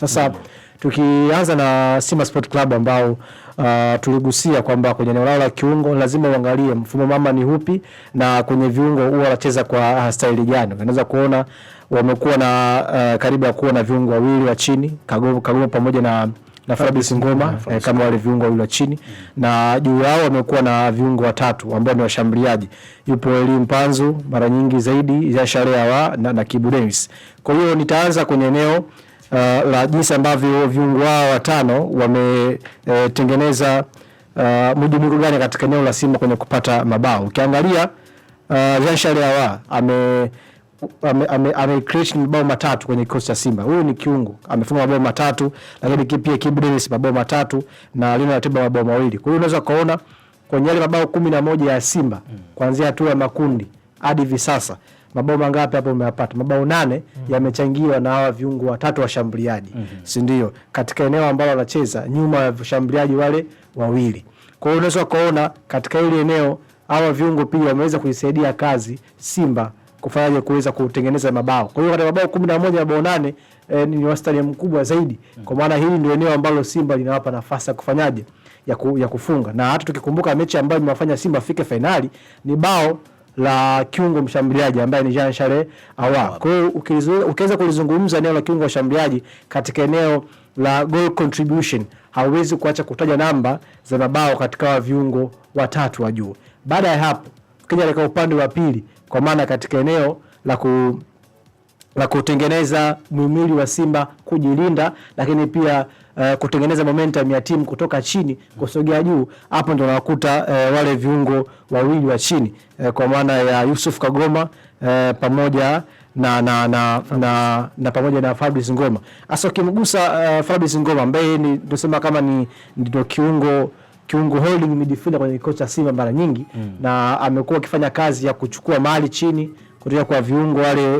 Sasa mm. tukianza na Simba Sport Club ambao uh, tuligusia kwamba kwenye eneo lao la kiungo lazima uangalie mfumo mama ni upi na kwenye viungo huwa wanacheza kwa uh, staili gani. Unaweza kuona wamekuwa na uh, karibu ya kuwa na viungo wawili wa chini Kagogo, Kagogo pamoja na na Fabrice Ngoma eh, kama wale viungo wawili wa chini mm. Na juu yao wamekuwa na viungo watatu ambao ni washambuliaji, yupo Eli Mpanzu mara nyingi zaidi ya Sharea wa na, na Kibu Dennis. Kwa hiyo nitaanza kwenye eneo uh, la jinsi ambavyo viungo wao watano wametengeneza eh, uh, uh, mjumuiko gani katika eneo la Simba kwenye kupata mabao. Ukiangalia uh, Jean Charles Ahoua ame ame, ame, ame create mabao matatu kwenye kikosi cha Simba. Huyu ni kiungo, amefunga mabao matatu, lakini pia Kibu Denis mabao matatu na Lino Atiba mabao mawili. Kwa hiyo unaweza kuona kwenye yale mabao kumi na moja ya Simba hmm. kuanzia hatua ya makundi hadi hivi sasa mabao mangapi hapo umeyapata? Mabao nane mm -hmm. yamechangiwa na hawa viungo watatu washambuliaji mm -hmm. si ndio? Katika eneo ambalo anacheza nyuma ya washambuliaji wale wawili. Kwa hiyo unaweza kuona katika ile eneo hawa viungo pia wameweza kuisaidia kazi Simba kufanyaje kuweza kutengeneza mabao. Kwa hiyo katika mabao kumi na moja mabao nane e, ni wastani mkubwa zaidi, mhm. kwa maana hili ndio eneo ambalo Simba linawapa nafasi ya kufanyaje ya, ku, ya kufunga, na hata tukikumbuka mechi ambayo imewafanya Simba afike fainali ni bao la kiungo mshambuliaji ambaye ni Jean Charles Ahoua. Kwa hiyo ukiweza kulizungumza eneo la kiungo mshambuliaji katika eneo la goal contribution, hauwezi kuacha kutaja namba za mabao katika wa viungo watatu wa juu. Baada ya hapo, ukija katika upande wa pili, kwa maana katika eneo la ku la kutengeneza mwimili wa Simba kujilinda, lakini pia uh, kutengeneza momentum ya timu kutoka chini kusogea juu. Hapo ndo nakuta uh, eh, wale viungo wawili wa chini uh, kwa maana ya Yusuf Kagoma uh, pamoja na, na, na, na, na pamoja na Fabrice Ngoma. Hasa ukimgusa uh, Fabrice Ngoma ambaye ni tunasema kama ni ndio kiungo kiungo holding midfielder kwenye kikosi cha Simba mara nyingi mm. na amekuwa akifanya kazi ya kuchukua mali chini kutoka kwa viungo wale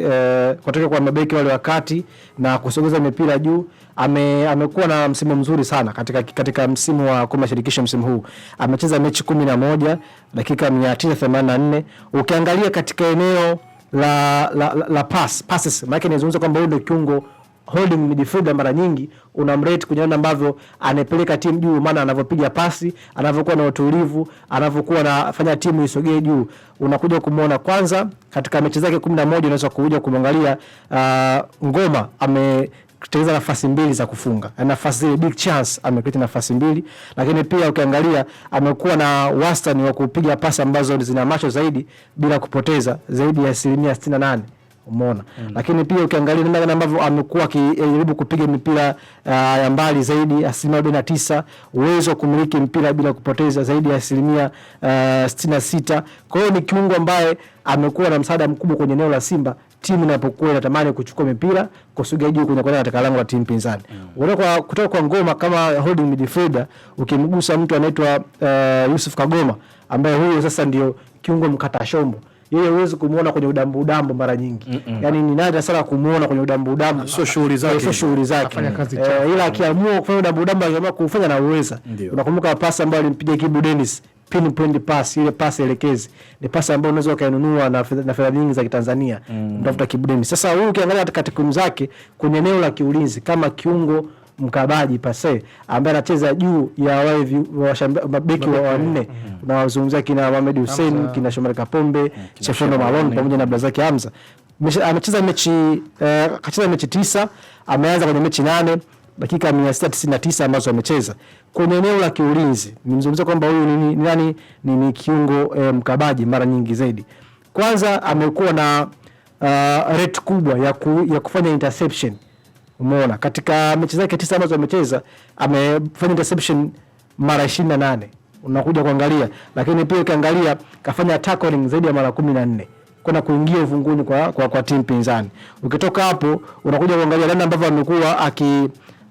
e, kutoka kwa mabeki wale wakati na kusogeza mipira juu. Ame, amekuwa na msimu mzuri sana katika, katika msimu wa kombe la shirikisho msimu huu amecheza mechi kumi na moja dakika 984 ukiangalia katika eneo la, la, la, la pass, passes maana inazungumza kwamba huyu ndio kiungo holding midfield mara nyingi unamrate kwenye namna ambavyo anapeleka timu juu, maana anavyopiga pasi, anavyokuwa na utulivu, anavyokuwa anafanya timu isogee juu. Unakuja kumuona kwanza katika mechi zake 11 unaweza kuja kumwangalia uh, Ngoma ame kutengeneza nafasi mbili za kufunga. na eh, Nafasi zile big chance amekuta nafasi mbili, lakini pia ukiangalia amekuwa na wastani wa kupiga pasi ambazo zina macho zaidi bila kupoteza zaidi ya asilimia 68. Umeona mm. Lakini pia ukiangalia namna ambavyo amekuwa akijaribu kupiga mipira uh, ya mbali zaidi asilimia arobaini na tisa, uwezo wa kumiliki mpira bila kupoteza zaidi ya asilimia uh, sitini na sita. Kwa hiyo ni kiungo ambaye amekuwa na msaada mkubwa kwenye eneo la Simba timu inapokuwa inatamani kuchukua mipira kusuga juu kwenye kwenda katika lango la timu pinzani. Mm. Kwa kutoka kwa ngoma kama holding midfielder ukimgusa mtu anaitwa uh, Yusuf Kagoma ambaye huyo sasa ndio kiungo mkata shombo yeye huwezi kumuona kwenye udambu udambu mara nyingi mm -mm. Yani ni nadra sana kumuona kwenye udambu udambu, sio shughuli zake, sio shughuli zake, eh, ila akiamua kufanya udambu udambu, akiamua kufanya na uweza. Unakumbuka pasi ambayo alimpiga Kibu Dennis pinpoint pass, ile pasi elekezi ni pasi ambayo unaweza ukainunua na na fedha nyingi za Kitanzania, mtafuta mm. Kibu Dennis. Sasa huyu ukiangalia katika timu zake kwenye eneo la kiulinzi kama kiungo mkabaji pase ambaye anacheza juu ya wale mabeki wa wanne unawazungumzia mm-hmm. kina Mohamed Hussein, kina Shomari Kapombe, Chefono mm, Malon pamoja na blazaki Hamza. Amecheza mechi akacheza eh, mechi tisa, ameanza kwenye mechi nane dakika mia sita tisini na tisa ambazo amecheza kwenye eneo la kiulinzi. Nimzungumzia kwamba huyu ni nani? Ni, ni kiungo eh, mkabaji mara nyingi zaidi. Kwanza amekuwa na uh, rate kubwa ya, ku, ya kufanya interception Umeona, katika mechi zake tisa ambazo amecheza amefanya interception mara 28 unakuja kuangalia, lakini pia ukiangalia kafanya tackling zaidi ya mara 14 kwenda kuingia ufunguni kwa, kwa, kwa timu pinzani. Ukitoka hapo unakuja kuangalia namna ambavyo amekuwa aki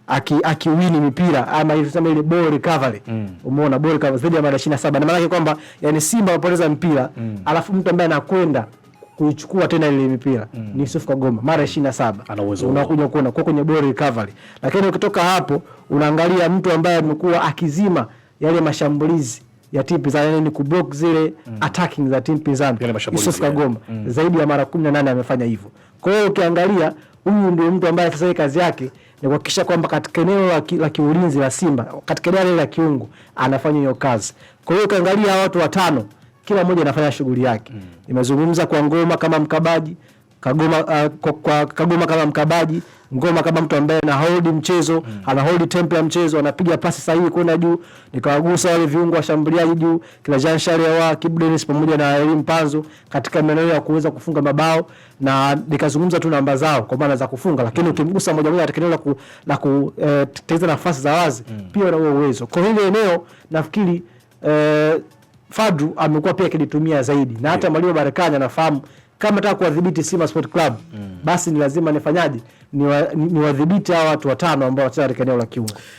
aki akiwini mipira ama hivi sema ile ball recovery mm. Umeona ball recovery zaidi ya mara 27 na maana yake kwamba yani Simba wapoteza mpira mm. alafu mtu ambaye anakwenda kuichukua tena ile mipira mm. ni Yusuf Kagoma mara 27 unakuja kuona kwa kwenye ball recovery, lakini ukitoka hapo unaangalia mtu ambaye amekuwa akizima yale mashambulizi ya timu pinzani, yani ni kublock zile mm. attacking za timu pinzani. Yusuf Kagoma mm. zaidi ya mara 18 amefanya hivyo. Kwa hiyo ukiangalia, huyu ndio mtu ambaye sasa kazi yake ni kuhakikisha kwamba katika eneo la kiulinzi la Simba, katika eneo la kiungo anafanya hiyo kazi. Kwa hiyo ukiangalia watu watano kila mmoja anafanya shughuli yake. mm. Nimezungumza kwa ngoma kama mkabaji Kagoma, uh, kwa, kwa, Kagoma kama mkabaji, ngoma kama mtu ambaye ana hold mchezo mm. ana hold tempo ya mchezo, anapiga pasi sahihi kwenda juu. Nikawagusa wale viungo washambuliaji juu kila Jean Charles wa Kibu Dennis pamoja na Elim Panzo katika maeneo ya kuweza kufunga mabao, na nikazungumza tu namba zao kwa maana za kufunga, lakini mm. ukimgusa moja moja katika eneo la ku, la kutengeneza eh, nafasi za wazi mm. pia na uwezo kwa hili eneo nafikiri eh, Fadru amekuwa pia akilitumia zaidi na hata yeah. Mwalimu Barakani anafahamu kama nataka kuwadhibiti Simba Sport Club mm. basi ni lazima nifanyaje, niwadhibiti ni hawa watu watano ambao wanacheza katika eneo la kiungo.